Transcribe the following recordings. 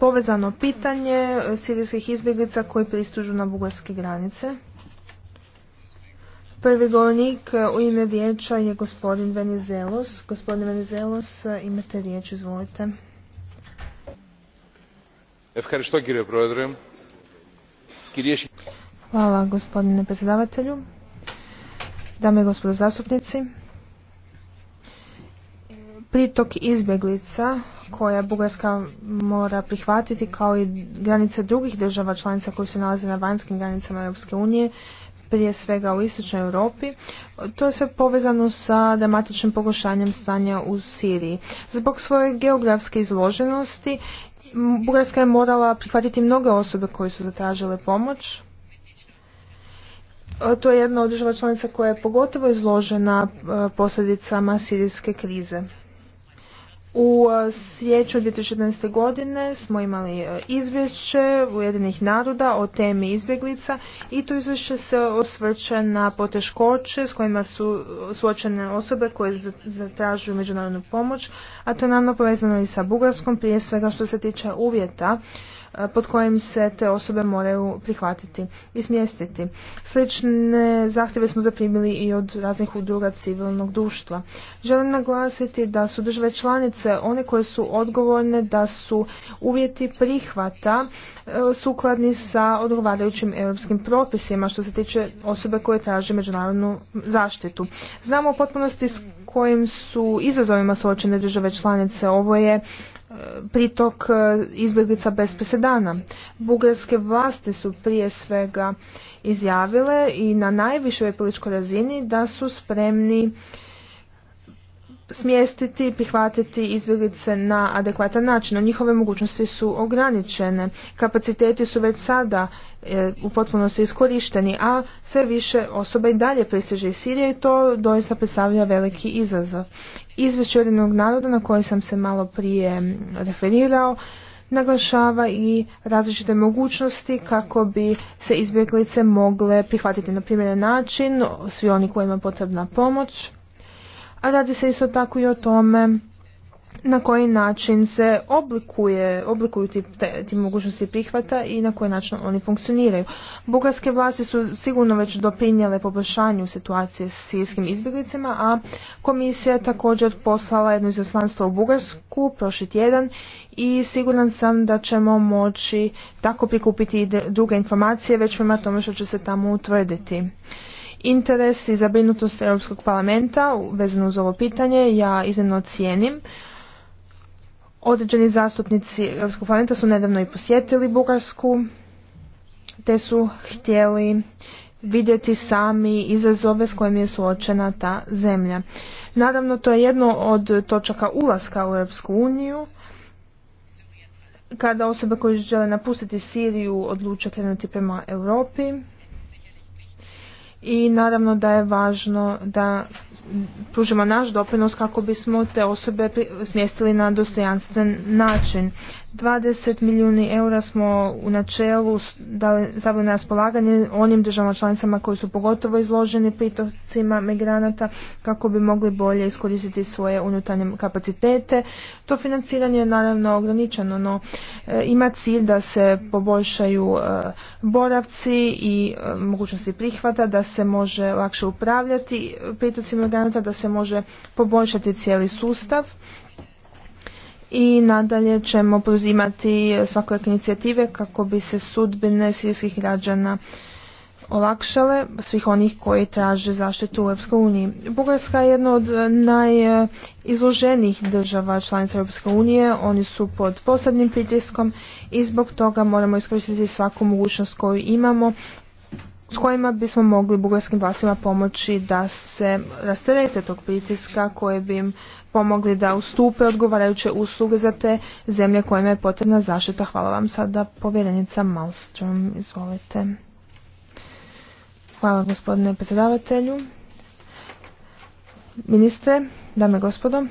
povezano pitanje e, sirijskih izbjeglica koji pristužu na bugarske granice. Prvi govornik e, u ime vijeća je gospodin Venizelos. Gospodin Venizelos, e, imate riječ, izvolite. Hvala gospodine predsjedavatelju. Dame i gospodo zastupnici, pritok izbjeglica koja Bugarska mora prihvatiti kao i granice drugih država članica koji se nalaze na vanjskim granicama Europske unije, prije svega u istočnoj Europi, to je sve povezano sa dramatičnim pogošanjem stanja u Siriji. Zbog svoje geografske izloženosti Bugarska je morala prihvatiti mnoge osobe koje su zatražile pomoć. E, to je jedna od država članica koja je pogotovo izložena e, posljedicama sirijske krize. U e, sjeću 2014. godine smo imali e, izvješće Ujedinih naroda o temi izbjeglica i to izvješće se osvrće na poteškoće s kojima su suočene osobe koje zatražuju međunarodnu pomoć, a to je naravno povezano i sa Bugarskom, prije svega što se tiče uvjeta pod kojim se te osobe moraju prihvatiti i smjestiti. Slične zahtjeve smo zaprimili i od raznih udruga civilnog društva. Želim naglasiti da su države članice one koje su odgovorne da su uvjeti prihvata e, sukladni sa odgovarajućim europskim propisima što se tiče osobe koje traže međunarodnu zaštitu. Znamo u potpunosti s kojim su izazovima suočene države članice. Ovo je pritok e, izbjeglica bez presedana. Bugarske vlasti su prije svega izjavile i na najvišoj političkoj razini da su spremni smjestiti, prihvatiti izbjeglice na adekvatan način. Njihove mogućnosti su ograničene, kapaciteti su već sada e, u potpunosti iskorišteni, a sve više osoba i dalje pristiže iz Sirije i to doista predstavlja veliki izazov. Izvješće jedinog naroda na koji sam se malo prije referirao naglašava i različite mogućnosti kako bi se izbjeglice mogle prihvatiti na primjeren način, svi oni kojima je potrebna pomoć Radi se isto tako i o tome na koji način se oblikuje, oblikuju ti, te, ti mogućnosti prihvata i na koji način oni funkcioniraju. Bugarske vlasti su sigurno već doprinjele poboljšanju situacije s sirskim izbjeglicama, a komisija je također poslala jedno izaslanstvo u Bugarsku prošli tjedan i siguran sam da ćemo moći tako prikupiti i druge informacije već prema tome što će se tamo utvrditi interes i zabrinutost Europskog parlamenta vezano uz ovo pitanje ja iznimno cijenim. Određeni zastupnici Europskog parlamenta su nedavno i posjetili Bugarsku te su htjeli vidjeti sami izazove s kojim je suočena ta zemlja. Naravno, to je jedno od točaka ulaska u Europsku uniju, kada osobe koje žele napustiti Siriju odluče krenuti prema Europi, i naravno da je važno da pružimo naš doprinos kako bismo te osobe smjestili na dostojanstven način. 20 milijuni eura smo u načelu zavili na raspolaganje onim državama članicama koji su pogotovo izloženi pritocima migranata kako bi mogli bolje iskoristiti svoje unutarnje kapacitete. To financiranje je naravno ograničeno, no e, ima cilj da se poboljšaju e, boravci i e, mogućnosti prihvata, da se može lakše upravljati pritocima migranata, da se može poboljšati cijeli sustav i nadalje ćemo poduzimati svakojake inicijative kako bi se sudbine sirijskih građana olakšale svih onih koji traže zaštitu u Europskoj uniji. Bugarska je jedna od najizloženijih država članica Europske unije, oni su pod posebnim pritiskom i zbog toga moramo iskoristiti svaku mogućnost koju imamo s kojima bismo mogli bugarskim vlasima pomoći da se rasterete tog pritiska koje bi im pomogli da ustupe odgovarajuće usluge za te zemlje kojima je potrebna zaštita. Hvala vam sada povjerenica Malstrom. Izvolite. Hvala gospodine predsjedavatelju. Ministre, dame i gospodo,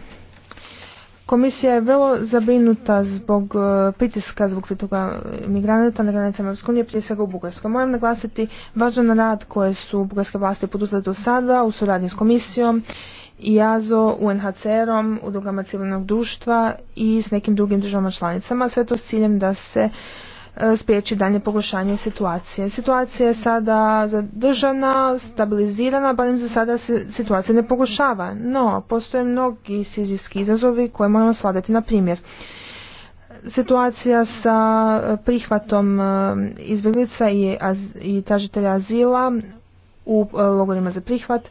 Komisija je vrlo zabrinuta zbog e, pritiska, zbog pritoga migranata na granicama Europske unije, prije svega u Bugarskoj. Moram naglasiti važan rad koje su bugarske vlasti poduzele do sada u suradnji s komisijom jazo UNHCR-om, udrugama civilnog društva i s nekim drugim državama članicama, sve to s ciljem da se e, spriječi dalje pogošanje situacije. Situacija je sada zadržana, stabilizirana, barem za sada se situacija ne pogoršava, no postoje mnogi sizijski izazovi koje moramo sladati na primjer. Situacija sa e, prihvatom e, izbjeglica i, i tražitelja azila u logorima za prihvat,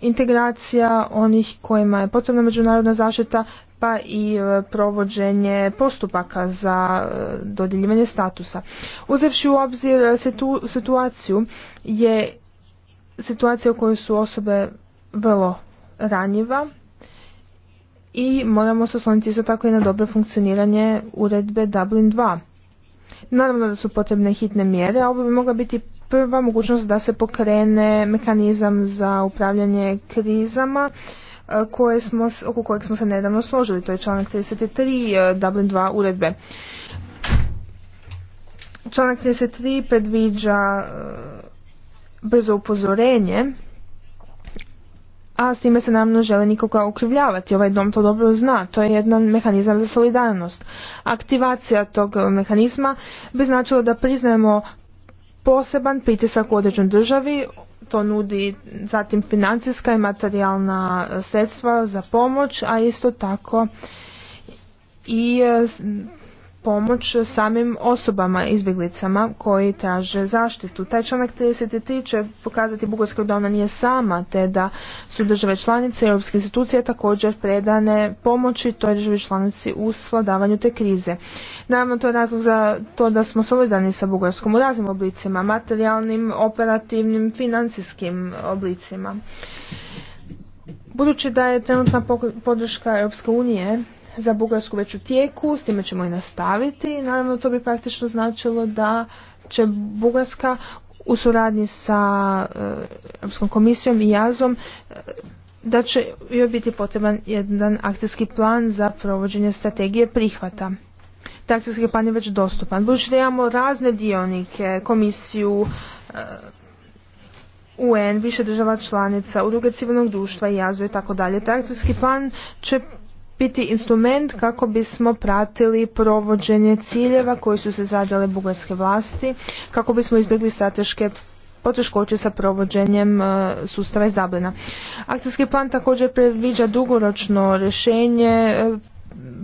integracija onih kojima je potrebna međunarodna zaštita pa i e, provođenje postupaka za e, dodjeljivanje statusa. Uzevši u obzir e, situaciju je situacija u kojoj su osobe vrlo ranjiva i moramo se osloniti isto tako i na dobro funkcioniranje uredbe Dublin 2. Naravno da su potrebne hitne mjere, a ovo bi mogla biti prva mogućnost da se pokrene mehanizam za upravljanje krizama e, koje smo, oko kojeg smo se nedavno složili, to je članak 33 e, Dublin 2 uredbe. Članak 33 predviđa e, brzo upozorenje, a s time se naravno žele nikoga okrivljavati. Ovaj dom to dobro zna, to je jedan mehanizam za solidarnost. Aktivacija tog mehanizma bi značilo da priznajemo poseban pritisak u određenoj državi, to nudi zatim financijska i materijalna e, sredstva za pomoć, a isto tako i e, pomoć samim osobama, izbjeglicama koji traže zaštitu. Taj članak 33 će pokazati bugarska da ona nije sama, te da su države članice i europske institucije također predane pomoći toj državi članici u svladavanju te krize. Naravno, to je razlog za to da smo solidarni sa Bugarskom u raznim oblicima, materijalnim, operativnim, financijskim oblicima. Budući da je trenutna podrška Europske unije za Bugarsku već u tijeku, s time ćemo i nastaviti. Naravno to bi praktično značilo da će Bugarska u suradnji sa e, Europskom komisijom i Jazom e, da će joj biti potreban jedan akcijski plan za provođenje strategije prihvata. Taj akcijski plan je već dostupan. Budući da imamo razne dionike, komisiju, e, UN, više država članica, udruge civilnog društva i jazo i tako dalje. Taj akcijski plan će biti instrument kako bismo pratili provođenje ciljeva koji su se zadale bugarske vlasti, kako bismo izbjegli strateške poteškoće sa provođenjem e, sustava iz Dublina. Akcijski plan također predviđa dugoročno rješenje e,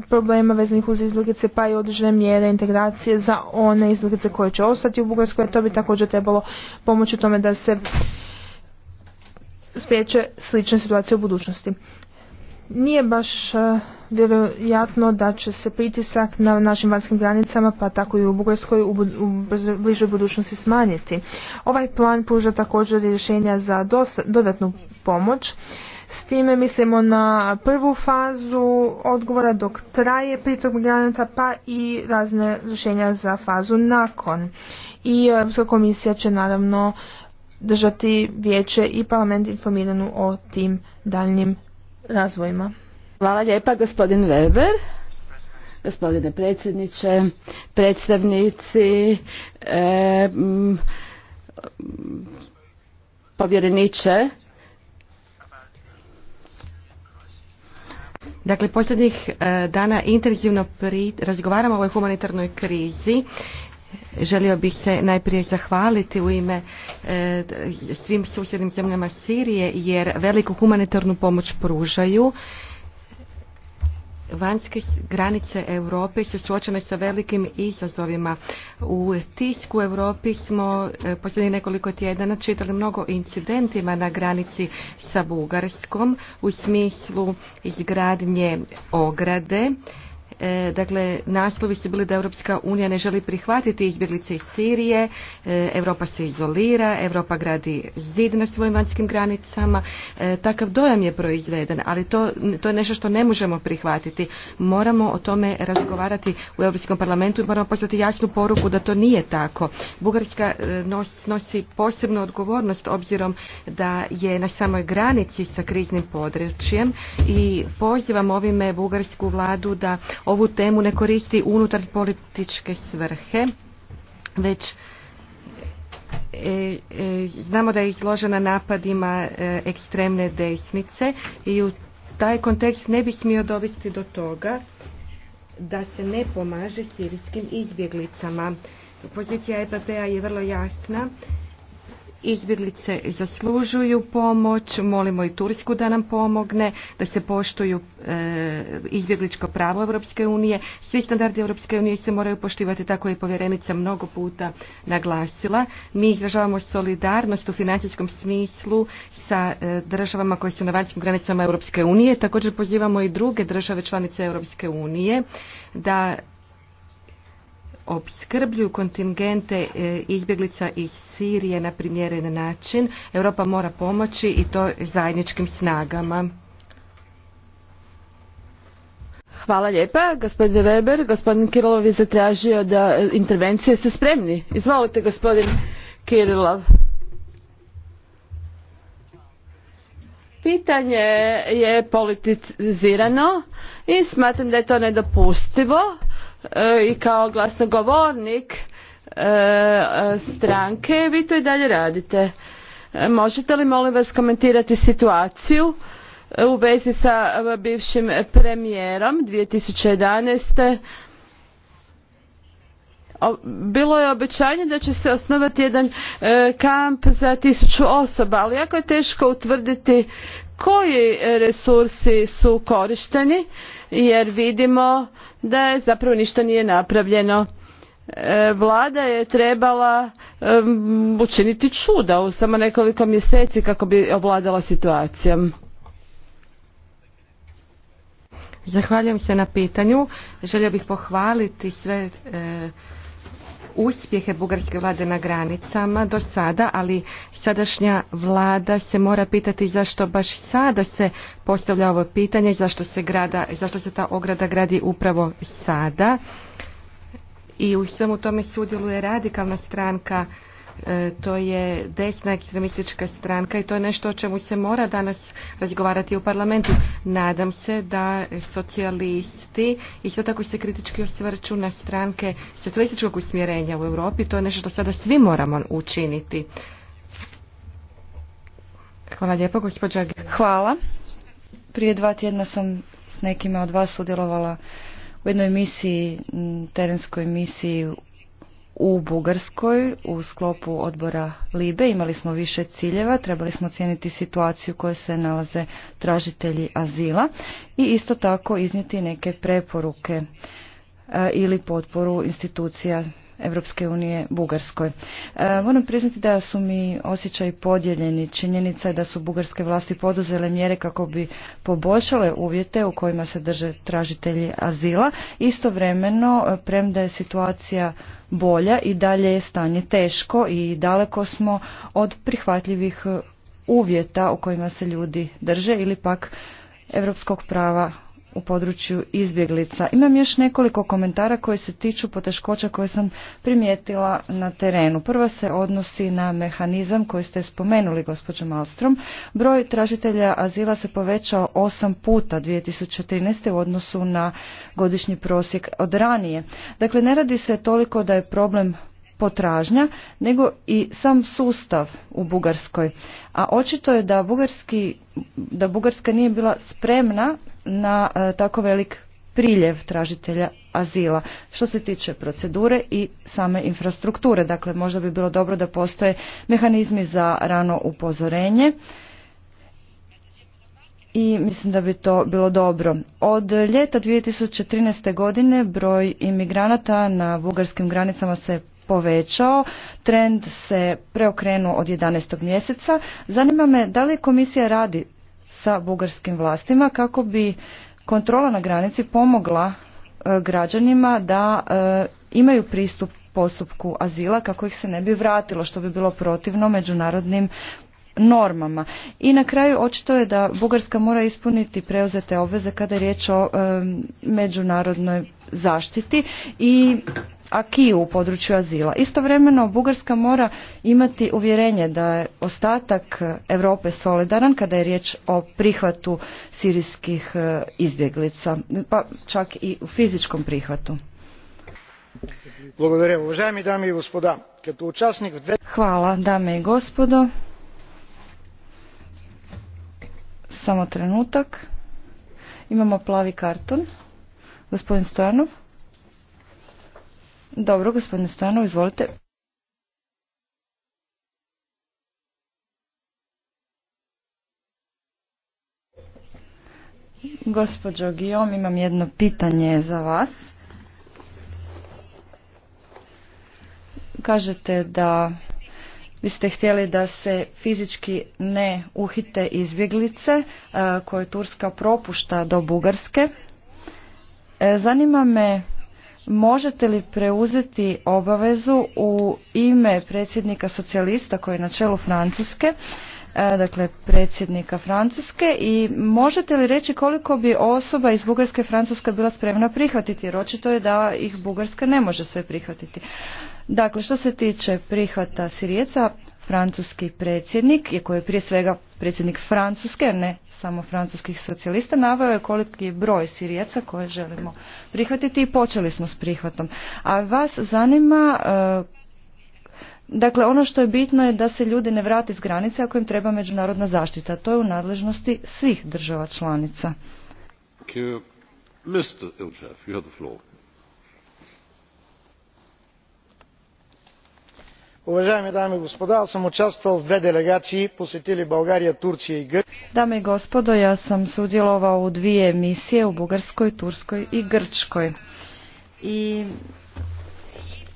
problema vezanih uz izbjeglice pa i određene mjere integracije za one izbjeglice koje će ostati u Bugarskoj, to bi također trebalo pomoći tome da se spriječe slične situacije u budućnosti nije baš e, vjerojatno da će se pritisak na našim vanjskim granicama, pa tako i u Bugarskoj, u, bližoj budućnosti smanjiti. Ovaj plan pruža također rješenja za dodatnu pomoć. S time mislimo na prvu fazu odgovora dok traje pritok migranata pa i razne rješenja za fazu nakon. I Europska komisija će naravno držati vijeće i parlament informiranu o tim daljnjim razvojima. Hvala lijepa gospodin Weber. Gospodine predsjedniče, predstavnici, e, povjereniče. Dakle, posljednjih e, dana intenzivno razgovaramo o ovoj humanitarnoj krizi. Želio bih se najprije zahvaliti u ime e, svim susjednim zemljama Sirije jer veliku humanitarnu pomoć pružaju. Vanjske granice Europe su suočene sa velikim izazovima. U tisku Europi smo e, posljednjih nekoliko tjedana čitali mnogo incidentima na granici sa Bugarskom u smislu izgradnje ograde E, dakle, naslovi su bili da Europska unija ne želi prihvatiti izbjeglice iz Sirije, e, Europa se izolira, Europa gradi zid na svojim vanjskim granicama. E, takav dojam je proizveden, ali to, to je nešto što ne možemo prihvatiti. Moramo o tome razgovarati u Europskom parlamentu i moramo poslati jasnu poruku da to nije tako. Bugarska nosi posebnu odgovornost obzirom da je na samoj granici sa kriznim područjem i pozivam ovime bugarsku vladu da ovu temu ne koristi unutar političke svrhe, već e, e, znamo da je izložena napadima e, ekstremne desnice i u taj kontekst ne bi smio dovesti do toga da se ne pomaže sirijskim izbjeglicama. Pozicija EPP-a je vrlo jasna Izbjeglice zaslužuju pomoć, molimo i Tursku da nam pomogne, da se poštuju e, izbjegličko pravo Europske unije. Svi standardi Europske unije se moraju poštivati, tako je povjerenica mnogo puta naglasila. Mi izražavamo solidarnost u financijskom smislu sa e, državama koje su na vanjskim granicama Europske unije. Također pozivamo i druge države članice Europske unije da opskrbljuju kontingente e, izbjeglica iz Sirije na primjeren način. Europa mora pomoći i to zajedničkim snagama. Hvala lijepa. Gospodine Weber, gospodin Kirilov je zatražio da e, intervencije ste spremni. Izvolite gospodin Kirilov. Pitanje je politizirano i smatram da je to nedopustivo E, i kao glasnogovornik e, stranke, vi to i dalje radite. E, možete li molim vas komentirati situaciju u vezi sa bivšim premijerom 2011. Bilo je obećanje da će se osnovati jedan kamp za tisuću osoba, ali jako je teško utvrditi koji resursi su korišteni jer vidimo da je zapravo ništa nije napravljeno. E, Vlada je trebala učiniti čuda u samo nekoliko mjeseci kako bi ovladala situacijom. Zahvaljujem se na pitanju. Želio bih pohvaliti sve e, uspjehe bugarske vlade na granicama do sada, ali sadašnja vlada se mora pitati zašto baš sada se postavlja ovo pitanje, zašto se, grada, zašto se ta ograda gradi upravo sada. I u svemu tome sudjeluje radikalna stranka E, to je desna ekstremistička stranka i to je nešto o čemu se mora danas razgovarati u parlamentu. Nadam se da socijalisti isto tako se kritički osvrću na stranke socijalističkog usmjerenja u Europi. To je nešto što sada svi moramo učiniti. Hvala lijepo, gospođa. Hvala. Prije dva tjedna sam s nekima od vas sudjelovala u jednoj misiji, terenskoj misiji u Bugarskoj u sklopu odbora Libe. Imali smo više ciljeva, trebali smo cijeniti situaciju u kojoj se nalaze tražitelji azila i isto tako iznijeti neke preporuke e, ili potporu institucija Europske unije Bugarskoj. E, moram priznati da su mi osjećaj podijeljeni. Činjenica da su bugarske vlasti poduzele mjere kako bi poboljšale uvjete u kojima se drže tražitelji azila. Istovremeno, e, premda je situacija bolja i dalje je stanje teško i daleko smo od prihvatljivih uvjeta u kojima se ljudi drže ili pak europskog prava u području izbjeglica. Imam još nekoliko komentara koje se tiču poteškoća koje sam primijetila na terenu. Prva se odnosi na mehanizam koji ste spomenuli, gospođo Malstrom. Broj tražitelja azila se povećao osam puta 2013. u odnosu na godišnji prosjek od ranije. Dakle, ne radi se toliko da je problem potražnja, nego i sam sustav u Bugarskoj. A očito je da, Bugarski, da Bugarska nije bila spremna na e, tako velik priljev tražitelja azila što se tiče procedure i same infrastrukture. Dakle, možda bi bilo dobro da postoje mehanizmi za rano upozorenje i mislim da bi to bilo dobro. Od ljeta 2013. godine broj imigranata na bugarskim granicama se povećao, trend se preokrenuo od 11. mjeseca. Zanima me da li komisija radi sa bugarskim vlastima kako bi kontrola na granici pomogla e, građanima da e, imaju pristup postupku azila kako ih se ne bi vratilo što bi bilo protivno međunarodnim normama. I na kraju očito je da Bugarska mora ispuniti preuzete obveze kada je riječ o e, međunarodnoj zaštiti i akiju u području azila. Istovremeno Bugarska mora imati uvjerenje da je ostatak Europe solidaran kada je riječ o prihvatu sirijskih e, izbjeglica, pa čak i u fizičkom prihvatu. Hvala dame i gospodo. Samo trenutak. Imamo plavi karton. Gospodin Stojanov. Dobro, gospodine Stojanov, izvolite. Gospođo Gijom, imam jedno pitanje za vas. Kažete da biste htjeli da se fizički ne uhite izbjeglice e, koje Turska propušta do Bugarske. E, zanima me Možete li preuzeti obavezu u ime predsjednika socijalista koji je na čelu Francuske, e, dakle predsjednika Francuske i možete li reći koliko bi osoba iz Bugarske i Francuska bila spremna prihvatiti jer očito je da ih Bugarska ne može sve prihvatiti. Dakle, što se tiče prihvata Sirijeca, francuski predsjednik, i koji je prije svega predsjednik Francuske, ne samo francuskih socijalista, naveo je koliki je broj Sirijaca koje želimo prihvatiti i počeli smo s prihvatom. A vas zanima, e, dakle ono što je bitno je da se ljudi ne vrate s granice ako im treba međunarodna zaštita. To je u nadležnosti svih država članica. Mr. уважаеми dame i господа sam съм участвал в две делегации посетили България, Турция i Dame i gospodo, ja sam sudjelovao u dvije misije u Bugarskoj, Turskoj i Grčkoj. I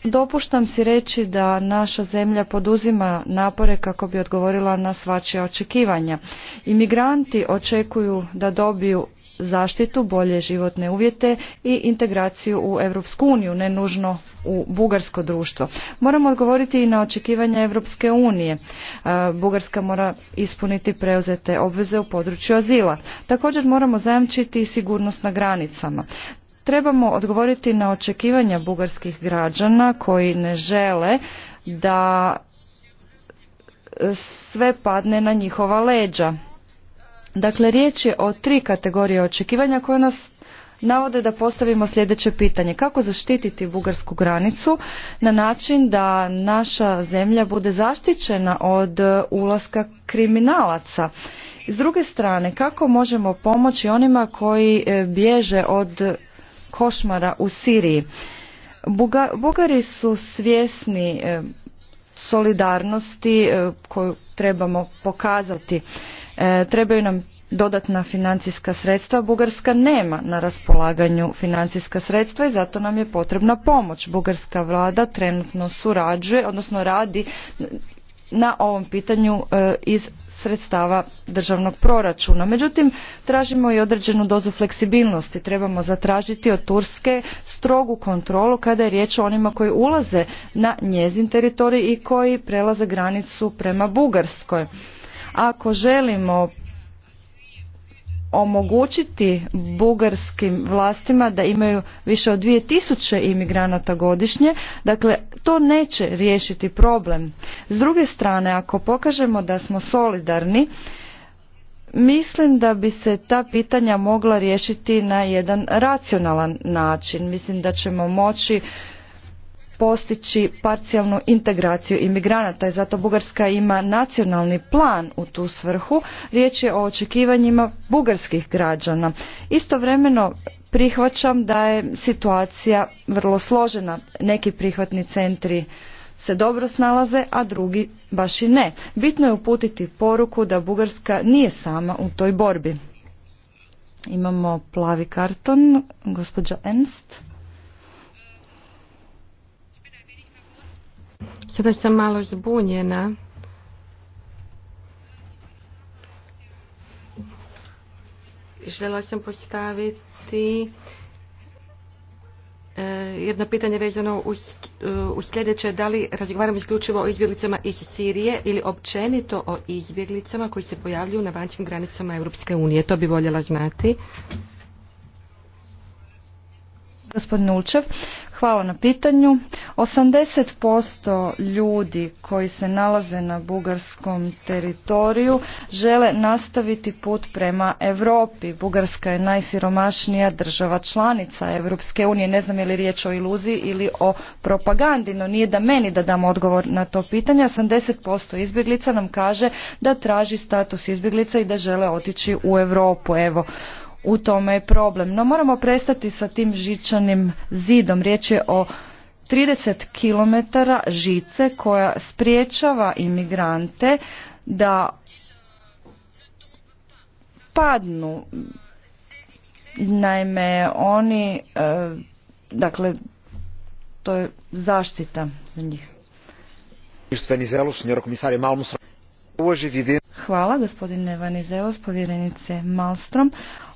dopuštam si reći da naša zemlja poduzima napore kako bi odgovorila na svačija očekivanja. Imigranti očekuju da dobiju zaštitu, bolje životne uvjete i integraciju u Europsku uniju, ne nužno u bugarsko društvo. Moramo odgovoriti i na očekivanja Europske unije. E, Bugarska mora ispuniti preuzete obveze u području azila. Također moramo zajamčiti i sigurnost na granicama trebamo odgovoriti na očekivanja bugarskih građana koji ne žele da sve padne na njihova leđa Dakle, riječ je o tri kategorije očekivanja koje nas navode da postavimo sljedeće pitanje. Kako zaštititi bugarsku granicu na način da naša zemlja bude zaštićena od e, ulaska kriminalaca? S druge strane, kako možemo pomoći onima koji e, bježe od košmara u Siriji? Bugari su svjesni e, solidarnosti koju trebamo pokazati E, trebaju nam dodatna financijska sredstva. Bugarska nema na raspolaganju financijska sredstva i zato nam je potrebna pomoć. Bugarska vlada trenutno surađuje, odnosno radi na ovom pitanju e, iz sredstava državnog proračuna. Međutim, tražimo i određenu dozu fleksibilnosti. Trebamo zatražiti od Turske strogu kontrolu kada je riječ o onima koji ulaze na njezin teritorij i koji prelaze granicu prema Bugarskoj. Ako želimo omogućiti bugarskim vlastima da imaju više od 2000 imigranata godišnje, dakle to neće riješiti problem. S druge strane, ako pokažemo da smo solidarni, mislim da bi se ta pitanja mogla riješiti na jedan racionalan način. Mislim da ćemo moći postići parcijalnu integraciju imigranata i zato Bugarska ima nacionalni plan u tu svrhu. Riječ je o očekivanjima bugarskih građana. Istovremeno prihvaćam da je situacija vrlo složena. Neki prihvatni centri se dobro snalaze, a drugi baš i ne. Bitno je uputiti poruku da Bugarska nije sama u toj borbi. Imamo plavi karton, gospođa Enst. Sada sam malo zbunjena. Žela sam postaviti e, jedno pitanje vezano u e, sljedeće. Da li razgovaramo isključivo o izbjeglicama iz Sirije ili općenito o izbjeglicama koji se pojavljuju na vanjskim granicama Europske unije? To bi voljela znati. Gospodin Ulčev, Hvala na pitanju. 80% ljudi koji se nalaze na bugarskom teritoriju žele nastaviti put prema Europi. Bugarska je najsiromašnija država članica Europske unije. Ne znam je li riječ o iluziji ili o propagandi, no nije da meni da dam odgovor na to pitanje. 80% izbjeglica nam kaže da traži status izbjeglica i da žele otići u Europu. Evo, u tome je problem. No moramo prestati sa tim žičanim zidom. Riječ je o 30 km žice koja spriječava imigrante da padnu. Naime, oni, e, dakle, to je zaštita za njih. Hvala gospodine Vanizeos, povjerenice Malstrom.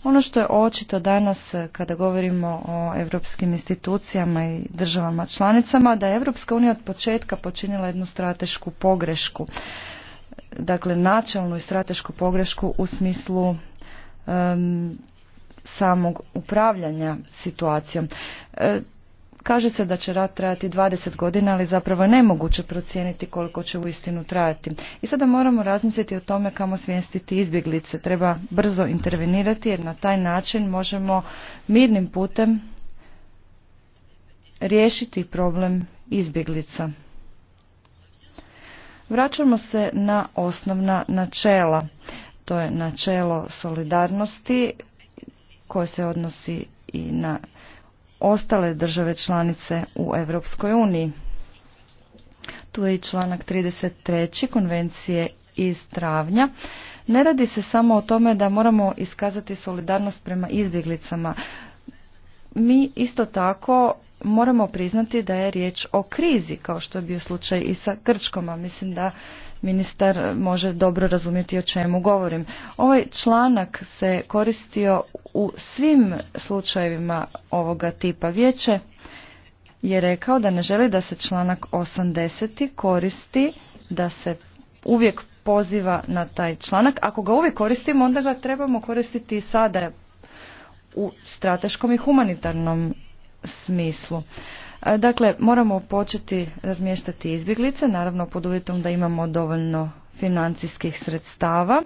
Ono što je očito danas eh, kada govorimo o europskim institucijama i državama članicama, da je Europska unija od početka počinila jednu stratešku pogrešku. Dakle, načelnu i stratešku pogrešku u smislu samog upravljanja situacijom. Eh, Kaže se da će rat trajati 20 godina, ali zapravo nemoguće procijeniti koliko će uistinu trajati. I sada moramo razmisliti o tome kamo smjestiti izbjeglice. Treba brzo intervenirati jer na taj način možemo mirnim putem riješiti problem izbjeglica. Vraćamo se na osnovna načela. To je načelo solidarnosti koje se odnosi i na ostale države članice u Europskoj uniji. Tu je i članak 33. konvencije iz travnja. Ne radi se samo o tome da moramo iskazati solidarnost prema izbjeglicama. Mi isto tako moramo priznati da je riječ o krizi, kao što je bio slučaj i sa Grčkom, a mislim da ministar može dobro razumjeti o čemu govorim. Ovaj članak se koristio u svim slučajevima ovoga tipa. Vijeće je rekao da ne želi da se članak 80. koristi, da se uvijek poziva na taj članak. Ako ga uvijek koristimo, onda ga trebamo koristiti i sada u strateškom i humanitarnom smislu. E, dakle, moramo početi razmještati izbjeglice, naravno pod uvjetom da imamo dovoljno financijskih sredstava.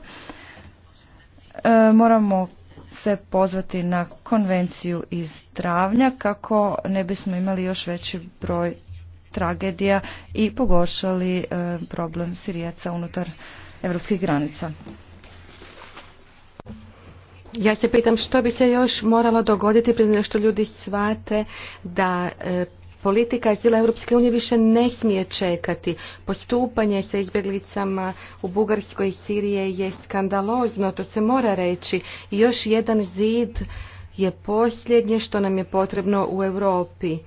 E, moramo se pozvati na konvenciju iz travnja kako ne bismo imali još veći broj tragedija i pogoršali e, problem Sirijaca unutar evropskih granica. Ja se pitam što bi se još moralo dogoditi prije nešto ljudi shvate da politika sila Europske unije više ne smije čekati. Postupanje sa izbjeglicama u Bugarskoj i Sirije je skandalozno, to se mora reći. I još jedan zid je posljednje što nam je potrebno u Europi.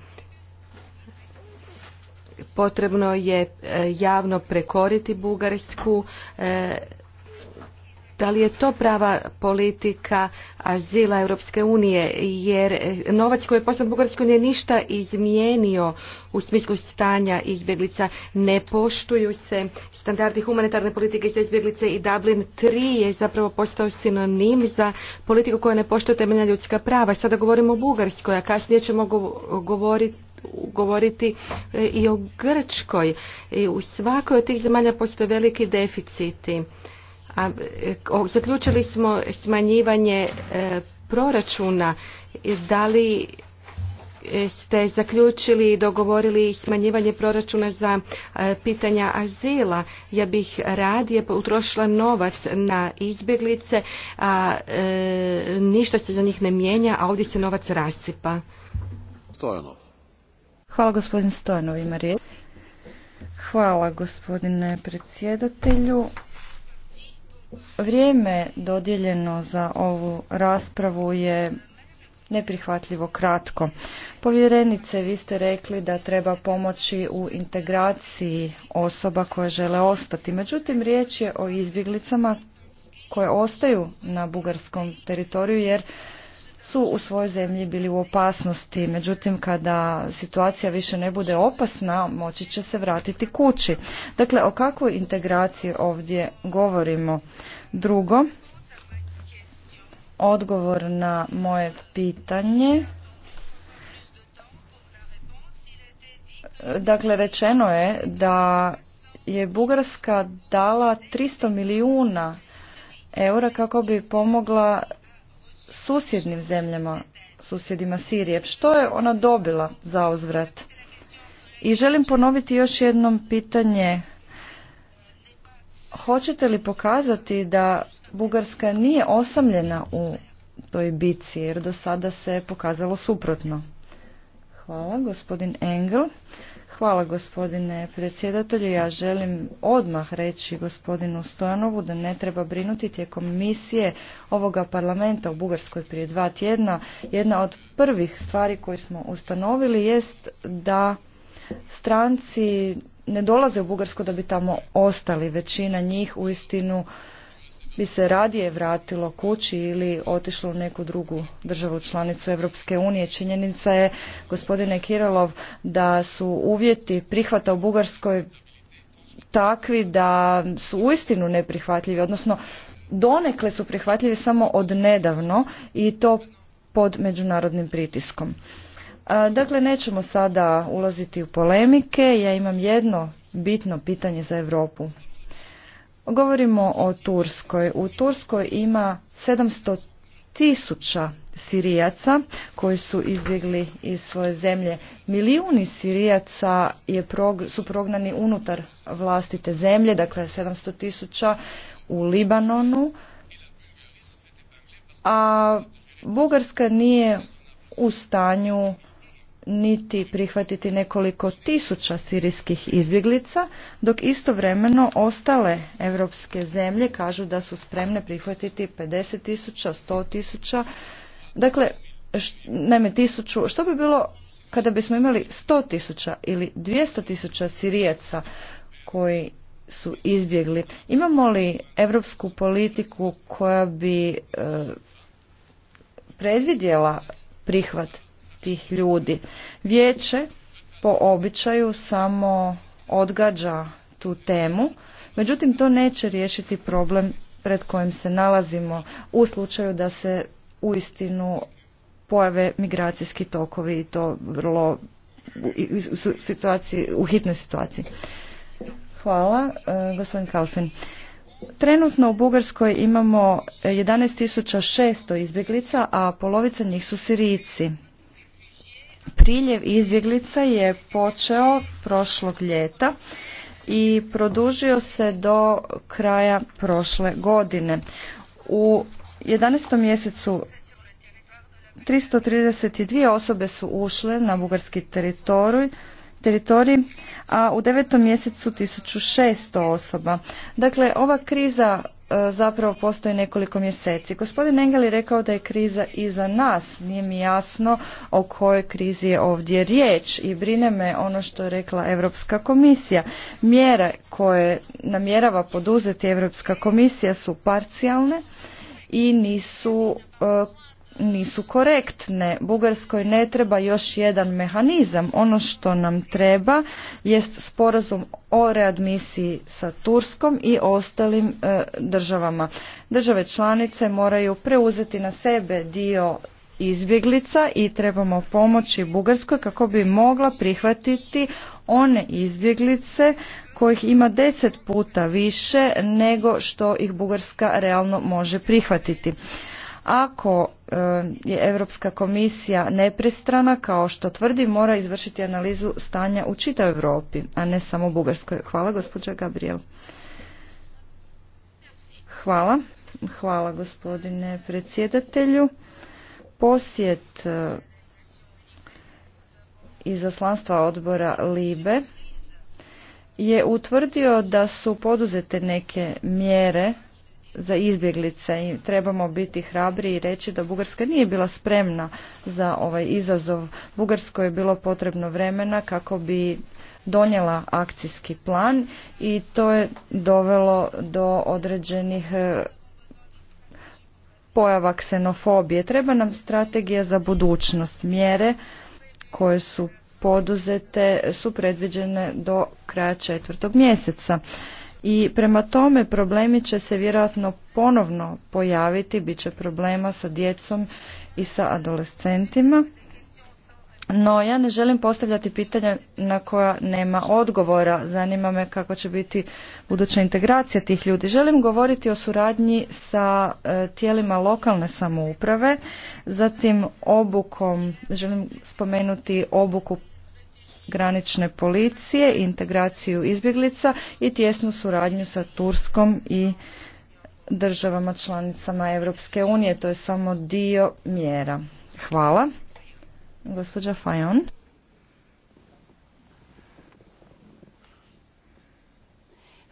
Potrebno je e, javno prekoriti Bugarsku, e, da li je to prava politika azila Europske unije? Jer eh, novac koji je poslan Bugarskoj nije ništa izmijenio u smislu stanja izbjeglica. Ne poštuju se standardi humanitarne politike za izbjeglice i Dublin 3 je zapravo postao sinonim za politiku koja ne poštuje temeljna ljudska prava. Sada govorimo o Bugarskoj, a kasnije ćemo govoriti govoriti eh, i o Grčkoj. I u svakoj od tih zemalja postoje veliki deficiti. E, zaključili smo smanjivanje e, proračuna. Da li e, ste zaključili i dogovorili smanjivanje proračuna za pitanja azila. Ja bih radije utrošila novac na izbjeglice, a ništa se za njih ne mijenja, a ovdje se novac rasipa. Stojano. Hvala gospodin ima riječ. Hvala gospodine predsjedatelju. Vrijeme dodijeljeno za ovu raspravu je neprihvatljivo kratko. Povjerenice, vi ste rekli da treba pomoći u integraciji osoba koje žele ostati. Međutim, riječ je o izbjeglicama koje ostaju na bugarskom teritoriju jer su u svojoj zemlji bili u opasnosti. Međutim, kada situacija više ne bude opasna, moći će se vratiti kući. Dakle, o kakvoj integraciji ovdje govorimo? Drugo, odgovor na moje pitanje. Dakle, rečeno je da je Bugarska dala 300 milijuna eura kako bi pomogla susjednim zemljama, susjedima Sirije. Što je ona dobila za uzvrat? I želim ponoviti još jednom pitanje. Hoćete li pokazati da Bugarska nije osamljena u toj bici, jer do sada se pokazalo suprotno? Hvala, gospodin Engel. Hvala gospodine predsjedatelju. Ja želim odmah reći gospodinu Stojanovu da ne treba brinuti tijekom misije ovoga parlamenta u Bugarskoj prije dva tjedna. Jedna od prvih stvari koje smo ustanovili jest da stranci ne dolaze u Bugarsku da bi tamo ostali. Većina njih u uistinu bi se radije vratilo kući ili otišlo u neku drugu državu članicu Europske unije. Činjenica je, gospodine Kiralov, da su uvjeti prihvata u Bugarskoj takvi da su uistinu neprihvatljivi, odnosno donekle su prihvatljivi samo od nedavno i to pod međunarodnim pritiskom. Dakle, nećemo sada ulaziti u polemike. Ja imam jedno bitno pitanje za Europu. Govorimo o Turskoj. U Turskoj ima 700 tisuća Sirijaca koji su izbjegli iz svoje zemlje. Milijuni Sirijaca je su prognani unutar vlastite zemlje, dakle 700 tisuća u Libanonu, a Bugarska nije u stanju niti prihvatiti nekoliko tisuća sirijskih izbjeglica, dok istovremeno ostale europske zemlje kažu da su spremne prihvatiti 50 tisuća, 100 tisuća, dakle, naime tisuću, što bi bilo kada bismo imali 100 tisuća ili 200 tisuća sirijaca koji su izbjegli. Imamo li europsku politiku koja bi e, predvidjela prihvat tih ljudi. Vijeće po običaju samo odgađa tu temu, međutim to neće riješiti problem pred kojim se nalazimo u slučaju da se uistinu pojave migracijski tokovi i to vrlo u, situaciji, u hitnoj situaciji. Hvala, e, gospodin Kalfin. Trenutno u Bugarskoj imamo 11.600 izbjeglica, a polovica njih su Sirijci. Priljev izbjeglica je počeo prošlog ljeta i produžio se do kraja prošle godine. U 11. mjesecu 332 osobe su ušle na bugarski teritorij, a u 9. mjesecu 1600 osoba. Dakle, ova kriza E, zapravo postoji nekoliko mjeseci. Gospodin Engel je rekao da je kriza iza nas. Nije mi jasno o kojoj krizi je ovdje riječ i brine me ono što je rekla Europska komisija. Mjere koje namjerava poduzeti Europska komisija su parcijalne i nisu e, nisu korektne. Bugarskoj ne treba još jedan mehanizam. Ono što nam treba jest sporazum o readmisiji sa Turskom i ostalim e, državama. Države članice moraju preuzeti na sebe dio izbjeglica i trebamo pomoći Bugarskoj kako bi mogla prihvatiti one izbjeglice kojih ima deset puta više nego što ih Bugarska realno može prihvatiti. Ako e, je Europska komisija nepristrana, kao što tvrdi, mora izvršiti analizu stanja u čitavoj Europi, a ne samo u Bugarskoj. Hvala, gospođa Gabriel. Hvala. Hvala, gospodine predsjedatelju. Posjet e, izaslanstva odbora LIBE je utvrdio da su poduzete neke mjere za izbjeglice i trebamo biti hrabri i reći da Bugarska nije bila spremna za ovaj izazov. Bugarskoj je bilo potrebno vremena kako bi donijela akcijski plan i to je dovelo do određenih e, pojava ksenofobije. Treba nam strategija za budućnost, mjere koje su poduzete su predviđene do kraja četvrtog mjeseca. I prema tome problemi će se vjerojatno ponovno pojaviti, bit će problema sa djecom i sa adolescentima. No ja ne želim postavljati pitanja na koja nema odgovora. Zanima me kako će biti buduća integracija tih ljudi. Želim govoriti o suradnji sa e, tijelima lokalne samouprave, zatim obukom, želim spomenuti obuku granične policije, integraciju izbjeglica i tjesnu suradnju sa Turskom i državama članicama Europske unije. To je samo dio mjera. Hvala. Gospođa Fajon.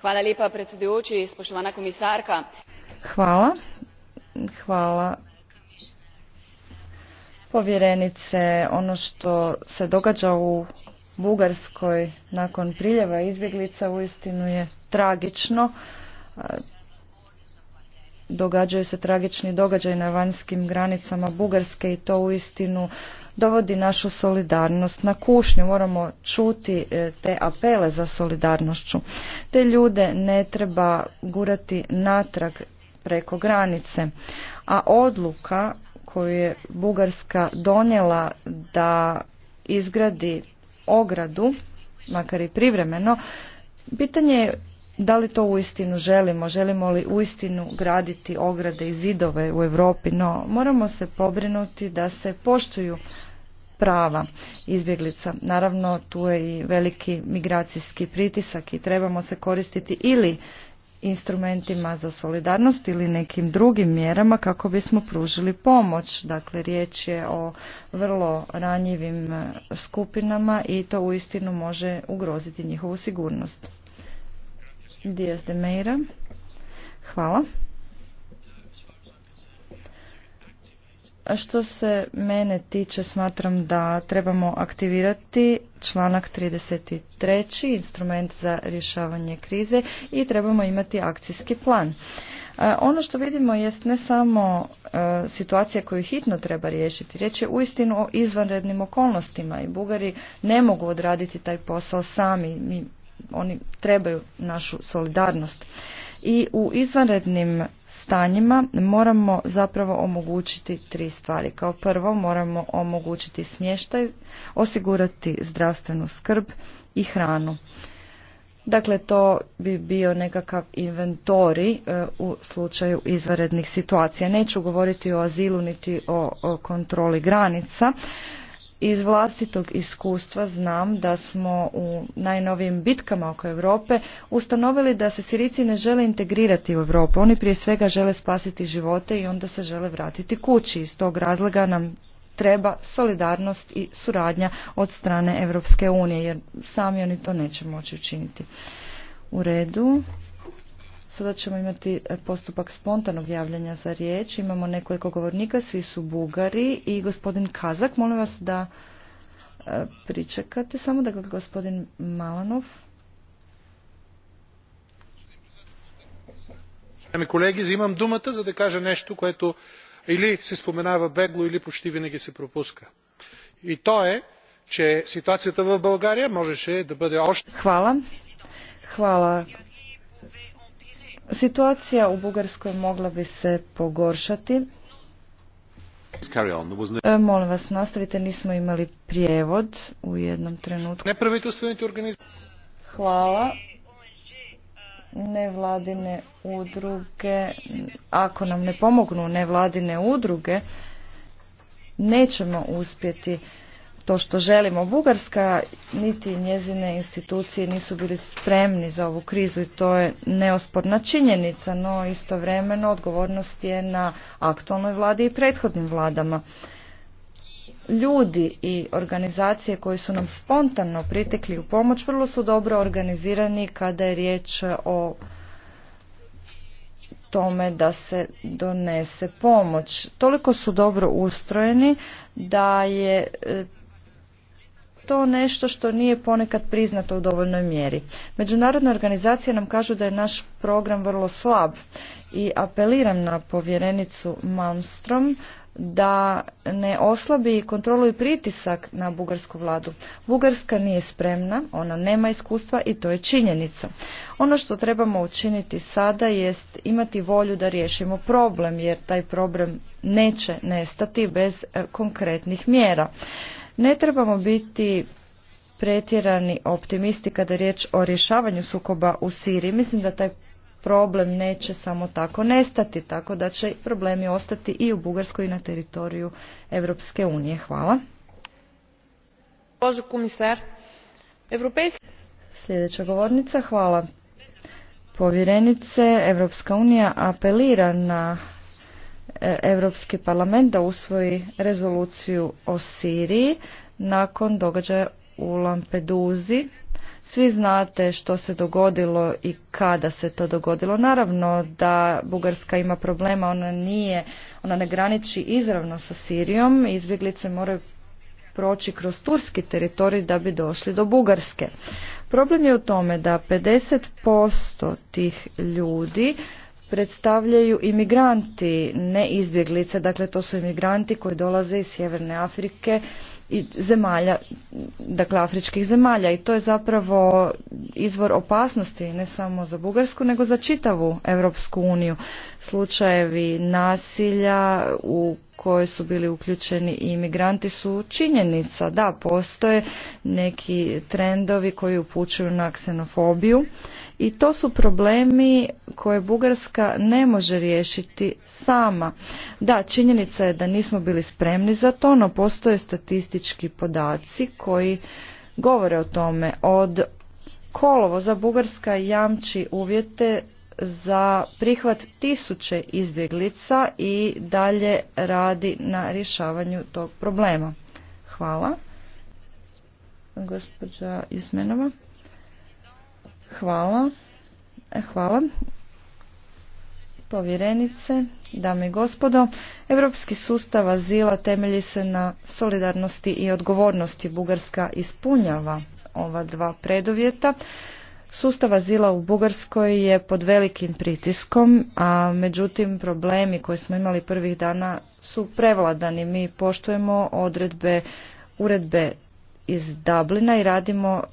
Hvala lijepa predsjedujući, spoštovana komisarka. Hvala. Hvala povjerenice. Ono što se događa u Bugarskoj nakon priljeva izbjeglica uistinu je tragično. Događaju se tragični događaj na vanjskim granicama Bugarske i to uistinu dovodi našu solidarnost na kušnju. Moramo čuti e, te apele za solidarnošću. Te ljude ne treba gurati natrag preko granice. A odluka koju je Bugarska donijela da izgradi ogradu, makar i privremeno, pitanje je da li to uistinu želimo, želimo li uistinu graditi ograde i zidove u Europi, no moramo se pobrinuti da se poštuju prava izbjeglica. Naravno, tu je i veliki migracijski pritisak i trebamo se koristiti ili instrumentima za solidarnost ili nekim drugim mjerama kako bismo pružili pomoć. Dakle, riječ je o vrlo ranjivim skupinama i to uistinu može ugroziti njihovu sigurnost. Dias de Meira. Hvala. A što se mene tiče, smatram da trebamo aktivirati članak 33. instrument za rješavanje krize i trebamo imati akcijski plan. E, ono što vidimo jest ne samo e, situacija koju hitno treba riješiti, riječ je uistinu o izvanrednim okolnostima i Bugari ne mogu odraditi taj posao sami. Mi oni trebaju našu solidarnost. I u izvanrednim stanjima moramo zapravo omogućiti tri stvari. Kao prvo moramo omogućiti smještaj, osigurati zdravstvenu skrb i hranu. Dakle, to bi bio nekakav inventori e, u slučaju izvanrednih situacija. Neću govoriti o azilu niti o kontroli granica iz vlastitog iskustva znam da smo u najnovijim bitkama oko Europe ustanovili da se Sirici ne žele integrirati u Europu. Oni prije svega žele spasiti živote i onda se žele vratiti kući. Iz tog razloga nam treba solidarnost i suradnja od strane Europske unije jer sami oni to neće moći učiniti. U redu. Sada ćemo imati e, postupak spontanog javljanja za riječ. Imamo nekoliko govornika, svi su Bugari i gospodin Kazak. Molim vas da e, pričekate samo da dakle, gospodin Malanov. колеги, взимам думата, за да кажа нещо, което или се споменава бегло, или почти винаги се пропуска. И то е, че ситуацията в България можеше да бъде още... Хвала. Hvala Situacija u Bugarskoj mogla bi se pogoršati. E, molim vas, nastavite, nismo imali prijevod u jednom trenutku. Hvala. Nevladine udruge, ako nam ne pomognu nevladine udruge, nećemo uspjeti to što želimo. Bugarska niti njezine institucije nisu bili spremni za ovu krizu i to je neosporna činjenica, no istovremeno odgovornost je na aktualnoj vladi i prethodnim vladama. Ljudi i organizacije koji su nam spontano pritekli u pomoć vrlo su dobro organizirani kada je riječ o tome da se donese pomoć. Toliko su dobro ustrojeni da je e, to nešto što nije ponekad priznato u dovoljnoj mjeri. Međunarodne organizacije nam kažu da je naš program vrlo slab i apeliram na povjerenicu Malmstrom da ne oslabi kontrolu i pritisak na bugarsku vladu. Bugarska nije spremna, ona nema iskustva i to je činjenica. Ono što trebamo učiniti sada jest imati volju da riješimo problem jer taj problem neće nestati bez e, konkretnih mjera. Ne trebamo biti pretjerani optimisti kada je riječ o rješavanju sukoba u Siriji. Mislim da taj problem neće samo tako nestati, tako da će problemi ostati i u Bugarskoj i na teritoriju Europske unije. Hvala. komisar. Sljedeća govornica, hvala. Povjerenice, Europska unija apelira na E, Europski parlament da usvoji rezoluciju o Siriji nakon događaja u Lampeduzi. Svi znate što se dogodilo i kada se to dogodilo. Naravno da Bugarska ima problema, ona nije, ona ne graniči izravno sa Sirijom, izbjeglice moraju proći kroz turski teritorij da bi došli do Bugarske. Problem je u tome da 50% tih ljudi predstavljaju imigranti, ne izbjeglice, dakle to su imigranti koji dolaze iz Sjeverne Afrike i zemalja, dakle afričkih zemalja i to je zapravo izvor opasnosti ne samo za Bugarsku nego za čitavu Europsku uniju. Slučajevi nasilja u koje su bili uključeni i imigranti su činjenica. Da, postoje neki trendovi koji upućuju na ksenofobiju i to su problemi koje Bugarska ne može riješiti sama. Da, činjenica je da nismo bili spremni za to, no postoje statistički podaci koji govore o tome od kolovo za Bugarska jamči uvjete za prihvat tisuće izbjeglica i dalje radi na rješavanju tog problema. Hvala. Gospođa Ismenova. Hvala. E, hvala. Povjerenice, dame i gospodo, Europski sustav azila temelji se na solidarnosti i odgovornosti. Bugarska ispunjava ova dva preduvjeta. Sustav azila u Bugarskoj je pod velikim pritiskom, a međutim problemi koje smo imali prvih dana su prevladani. Mi poštujemo odredbe uredbe iz Dublina i radimo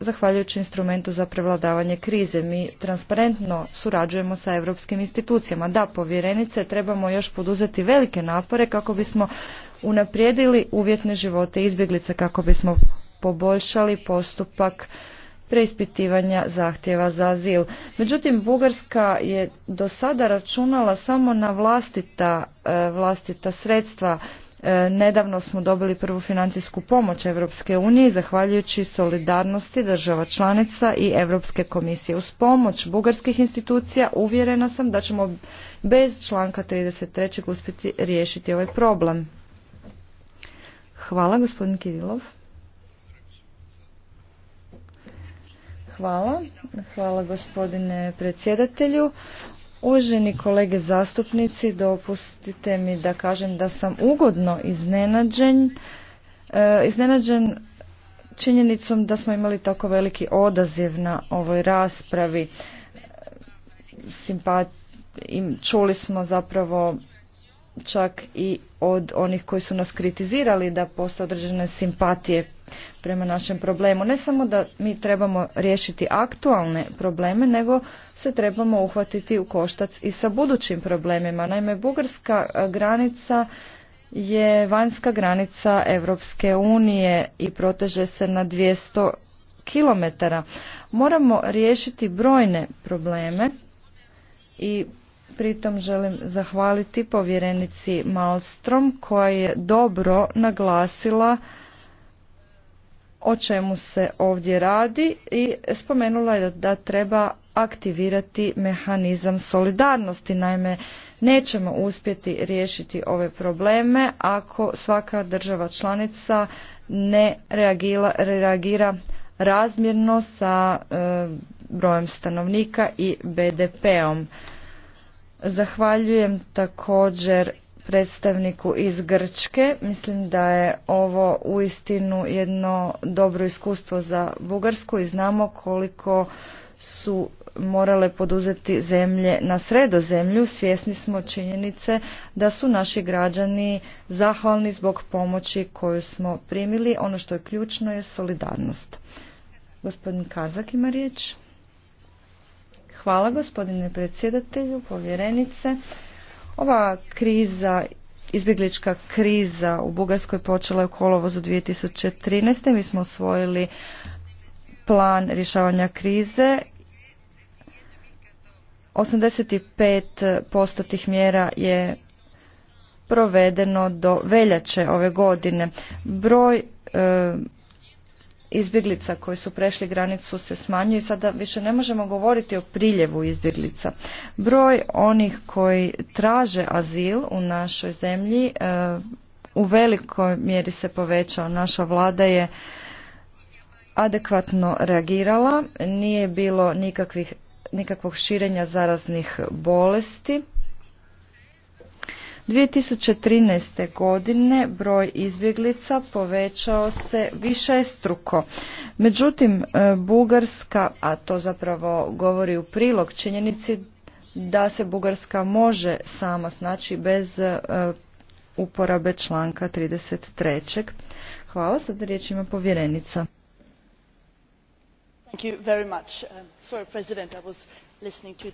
zahvaljujući instrumentu za prevladavanje krize. Mi transparentno surađujemo sa europskim institucijama. Da, povjerenice, trebamo još poduzeti velike napore kako bismo unaprijedili uvjetne živote izbjeglice, kako bismo poboljšali postupak preispitivanja zahtjeva za azil. Međutim, Bugarska je do sada računala samo na vlastita, e, vlastita sredstva. E, nedavno smo dobili prvu financijsku pomoć Europske unije zahvaljujući solidarnosti država članica i Europske komisije. Uz pomoć bugarskih institucija uvjerena sam da ćemo bez članka 33. uspjeti riješiti ovaj problem. Hvala gospodin Kirilov. Hvala. Hvala gospodine predsjedatelju. Uvaženi kolege zastupnici, dopustite mi da kažem da sam ugodno iznenađen, e, iznenađen činjenicom da smo imali tako veliki odaziv na ovoj raspravi. simpati čuli smo zapravo čak i od onih koji su nas kritizirali da postoje određene simpatije prema našem problemu. Ne samo da mi trebamo riješiti aktualne probleme, nego se trebamo uhvatiti u koštac i sa budućim problemima. Naime, bugarska e, granica je vanjska granica Europske unije i proteže se na 200 kilometara. Moramo riješiti brojne probleme i Pritom želim zahvaliti povjerenici Malstrom koja je dobro naglasila o čemu se ovdje radi i spomenula je da treba aktivirati mehanizam solidarnosti. Naime, nećemo uspjeti riješiti ove probleme ako svaka država članica ne reagira, reagira razmjerno sa e, brojem stanovnika i BDP-om. Zahvaljujem također predstavniku iz Grčke. Mislim da je ovo uistinu jedno dobro iskustvo za Bugarsku i znamo koliko su morale poduzeti zemlje na sredozemlju. Svjesni smo činjenice da su naši građani zahvalni zbog pomoći koju smo primili. Ono što je ključno je solidarnost. Gospodin Kazak ima riječ. Hvala gospodine predsjedatelju, povjerenice. Ova kriza, izbjeglička kriza u Bugarskoj počela je u kolovozu 2013. Mi smo osvojili plan rješavanja krize 85% tih mjera je provedeno do veljače ove godine. Broj e, izbjeglica koji su prešli granicu se smanjuje i sada više ne možemo govoriti o priljevu izbjeglica. Broj onih koji traže azil u našoj zemlji e, u velikoj mjeri se povećao. Naša vlada je adekvatno reagirala, nije bilo nikakvih, nikakvog širenja zaraznih bolesti 2013. godine broj izbjeglica povećao se struko. Međutim, e, Bugarska, a to zapravo govori u prilog činjenici da se Bugarska može sama snaći bez e, uporabe članka 33. Hvala, sad riječ ima povjerenica. Thank you very much. Um, listening to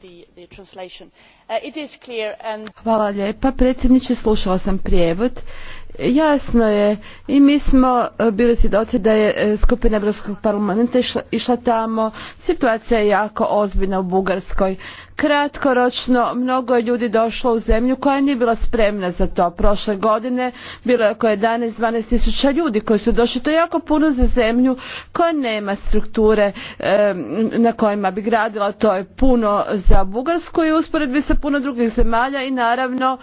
uh, Hvala lijepa, predsjedniče, slušala sam prijevod. Jasno je i mi smo e, bili svjedoci da je e, skupina Evropskog parlamenta išla, tamo. Situacija je jako ozbiljna u Bugarskoj. Kratkoročno mnogo je ljudi došlo u zemlju koja nije bila spremna za to. Prošle godine bilo je oko 11-12 tisuća ljudi koji su došli. To je jako puno za zemlju koja nema strukture e, na kojima bi gradila. To je puno puno za Bugarsku i usporedbi sa puno drugih zemalja i naravno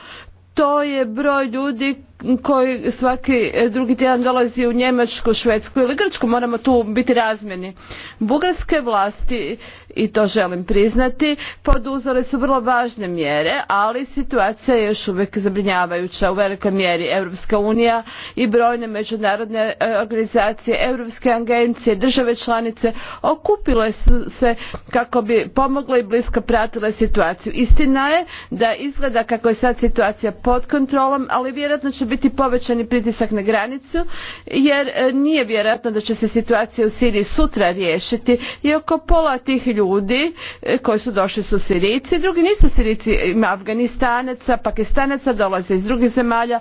to je broj ljudi koji svaki drugi tjedan dolazi u Njemačku, Švedsku ili Grčku. Moramo tu biti razmjeni. Bugarske vlasti, i to želim priznati, poduzele su vrlo važne mjere, ali situacija je još uvijek zabrinjavajuća u velikoj mjeri. Europska unija i brojne međunarodne e, organizacije, europske agencije, države članice okupile su se kako bi pomogle i blisko pratile situaciju. Istina je da izgleda kako je sad situacija pod kontrolom, ali vjerojatno će biti povećani pritisak na granicu jer e, nije vjerojatno da će se situacija u Siriji sutra riješiti i oko pola tih ljudi e, koji su došli su Sirici, drugi nisu sirici, ima Afganistanaca, Pakistanaca, dolaze iz drugih zemalja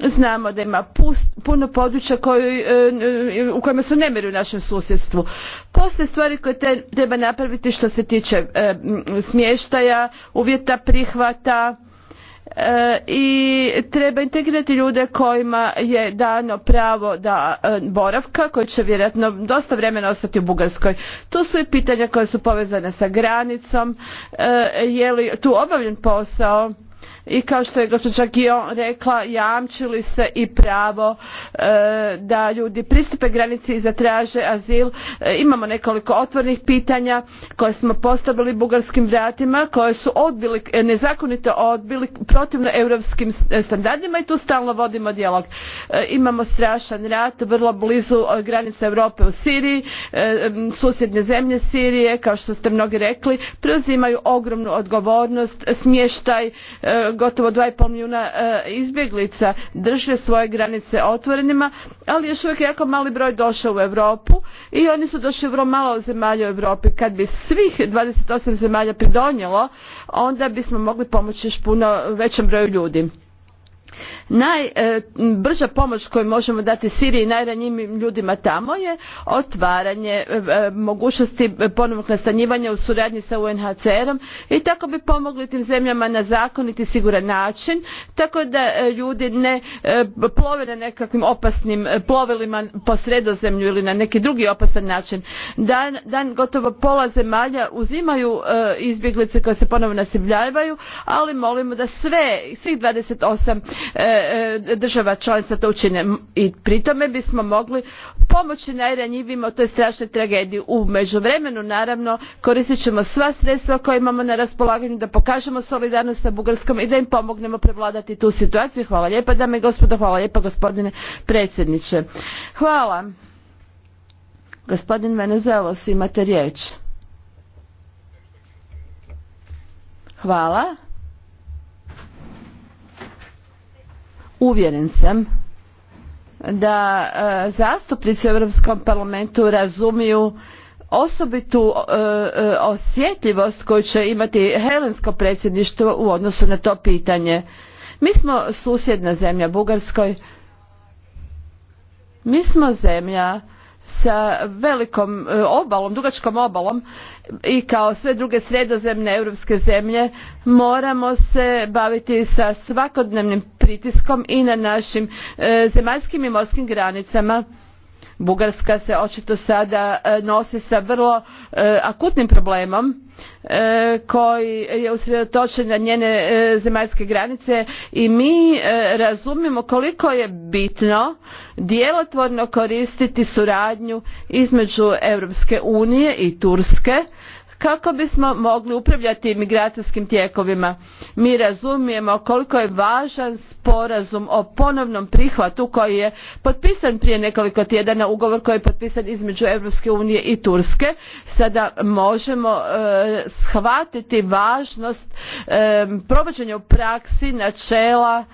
znamo da ima puno područja koji, e, u kojima su nemiri u našem susjedstvu. Postoje stvari koje te, treba napraviti što se tiče smještaja, uvjeta prihvata, E, i treba integrirati ljude kojima je dano pravo da e, boravka koji će vjerojatno dosta vremena ostati u Bugarskoj. To su i pitanja koja su povezana sa granicom, e, je li tu obavljen posao i kao što je gospođa Gion rekla jamčili se i pravo e, da ljudi pristupe granici i zatraže azil. E, imamo nekoliko otvornih pitanja koje smo postavili bugarskim vratima koje su odbili, e, nezakonito odbili protivno europskim standardima i tu stalno vodimo dijalog. imamo strašan rat vrlo blizu granice Europe u Siriji, susjedne zemlje Sirije kao što ste mnogi rekli preuzimaju ogromnu odgovornost smještaj gotovo dva pol milijuna e, izbjeglica drže svoje granice otvorenima ali još uvijek jako mali broj došao u europu i oni su došli u vrlo malo zemalja u europi. kad bi svih dvadeset osam zemalja pridonijelo onda bismo mogli pomoći još puno većem broju ljudi najbrža e, pomoć koju možemo dati siriji i najranjivijim ljudima tamo je otvaranje e, e, mogućnosti ponovnog nastanjivanja u suradnji sa unhcr om i tako bi pomogli tim zemljama na zakonit i siguran način tako da ljudi ne plove na nekakvim opasnim plovilima po sredozemlju ili na neki drugi opasan način. dan, gotovo pola zemalja uzimaju izbjeglice koje se ponovno naseljavaju ali molimo da sve svih dvadeset osam E, e, država članica to učine i pri tome bismo mogli pomoći najranjivijima u toj strašnoj tragediji. u međuvremenu naravno koristit ćemo sva sredstva koja imamo na raspolaganju da pokažemo solidarnost sa bugarskom i da im pomognemo prevladati tu situaciju. hvala lijepa dame i gospodo hvala lijepa gospodine predsjedniče. hvala. Gospodin Venezelos, imate riječ. Hvala. uvjeren sam da e, zastupnici u europskom parlamentu razumiju osobitu e, e, osjetljivost koju će imati helensko predsjedništvo u odnosu na to pitanje. mi smo susjedna zemlja bugarskoj mi smo zemlja sa velikom e, obalom, dugačkom obalom i kao sve druge sredozemne europske zemlje moramo se baviti sa svakodnevnim pritiskom i na našim e, zemaljskim i morskim granicama. Bugarska se očito sada e, nosi sa vrlo akutnim problemom E, koji je usredotočen na njene e, zemaljske granice i mi e, razumijemo koliko je bitno djelotvorno koristiti suradnju između Europske unije i Turske kako bismo mogli upravljati migracijskim tijekovima. Mi razumijemo koliko je važan sporazum o ponovnom prihvatu koji je potpisan prije nekoliko tjedana ugovor koji je potpisan između Europske unije i Turske. Sada možemo e, shvatiti važnost e, provođenja u praksi načela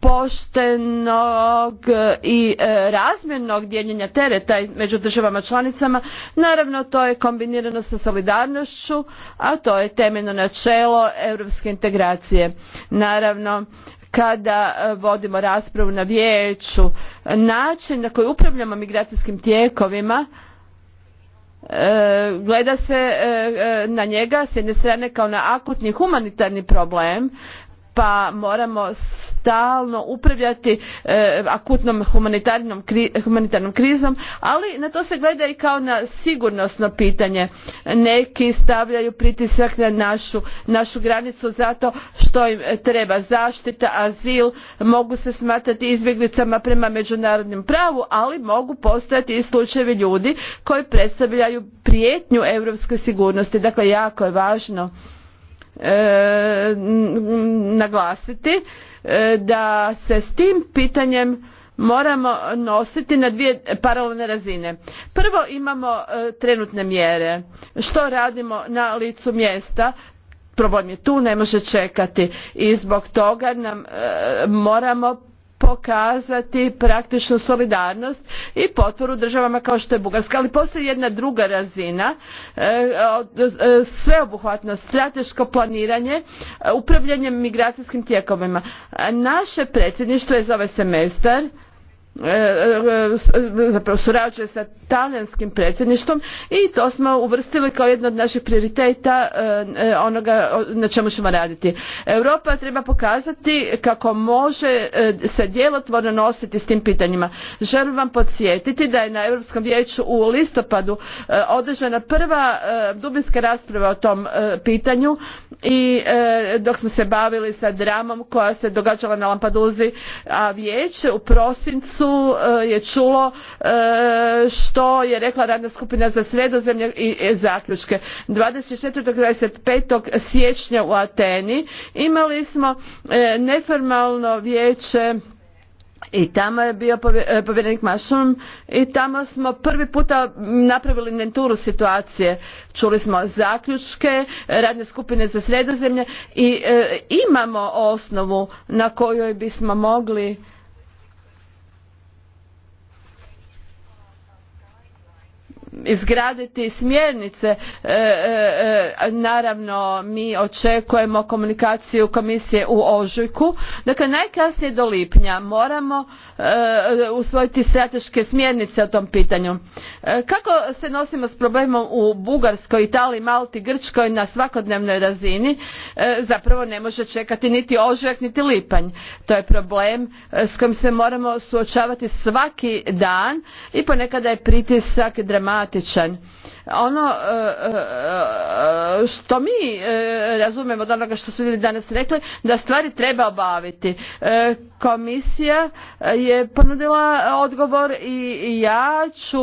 poštenog i e, razmjernog dijeljenja tereta među državama članicama. Naravno, to je kombinirano sa solidarnošću, a to je temeljno načelo europske integracije. Naravno, kada e, vodimo raspravu na vijeću, način na koji upravljamo migracijskim tijekovima, e, gleda se na njega s jedne strane kao na akutni humanitarni problem pa moramo stalno upravljati e, akutnom humanitarnom, humanitarnom krizom ali na to se gleda i kao na sigurnosno pitanje neki stavljaju pritisak na našu, našu granicu zato što im treba zaštita azil mogu se smatrati izbjeglicama prema međunarodnom pravu ali mogu postojati i slučajevi ljudi koji predstavljaju prijetnju europskoj sigurnosti dakle jako je važno E, naglasiti e, da se s tim pitanjem moramo nositi na dvije paralelne razine. Prvo imamo e, trenutne mjere. Što radimo na licu mjesta? Problem je tu, ne može čekati i zbog toga nam moramo pokazati praktičnu solidarnost i potporu državama kao što je Bugarska. Ali postoji jedna druga razina, e, e, sveobuhvatno strateško planiranje, e, upravljanje migracijskim tijekovima. Naše predsjedništvo je za ovaj semestar E, e, e, zapravo surađuje sa talijanskim predsjedništvom i to smo uvrstili kao jedno od naših prioriteta onoga na čemu ćemo raditi. Europa treba pokazati kako može se djelotvorno nositi s tim pitanjima. Želim vam podsjetiti da je na Europskom vijeću u listopadu održana prva dubinska rasprava o tom pitanju i dok smo se bavili sa dramom koja se događala na Lampaduzi a vijeće u prosincu E, je čulo e, što je rekla radna skupina za sredozemlje i e, zaključke. 24. 25. dvadeset siječnja u ateni imali smo neformalno vijeće i tamo je bio povjerenik Mašum i tamo smo prvi puta napravili inventuru situacije. Čuli smo zaključke radne skupine za sredozemlje i imamo osnovu na kojoj bismo mogli izgraditi smjernice. E, e, e, naravno, mi očekujemo komunikaciju komisije u ožujku. Dakle, najkasnije do lipnja moramo usvojiti strateške smjernice o tom pitanju. Kako se nosimo s problemom u Bugarskoj, Italiji, Malti, Grčkoj na svakodnevnoj razini? Zapravo ne može čekati niti ožujak, niti lipanj. To je problem s kojim se moramo suočavati svaki dan i ponekada je pritisak dramatičan problematičan ono e, e, e, što mi razumemo od onoga što su ljudi danas rekli da stvari treba obaviti komisija je ponudila odgovor i ja ću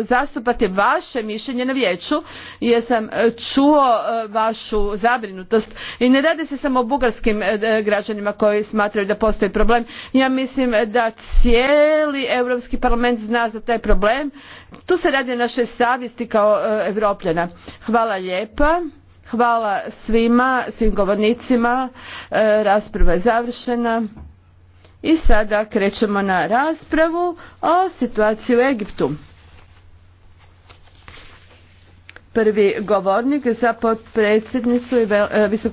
zastupati vaše mišljenje na vijeću jer sam čuo vašu zabrinutost i ne radi se samo o bugarskim građanima koji smatraju da postoji problem ja mislim da cijeli europski parlament zna za taj problem tu se radi o našoj savjesti kao europljana Hvala lijepa. Hvala svima, svim govornicima. E, rasprava je završena. I sada krećemo na raspravu o situaciji u Egiptu. Prvi govornik za potpredsjednicu i e, visok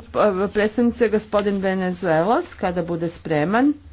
e, je gospodin Venezuelos, kada bude spreman.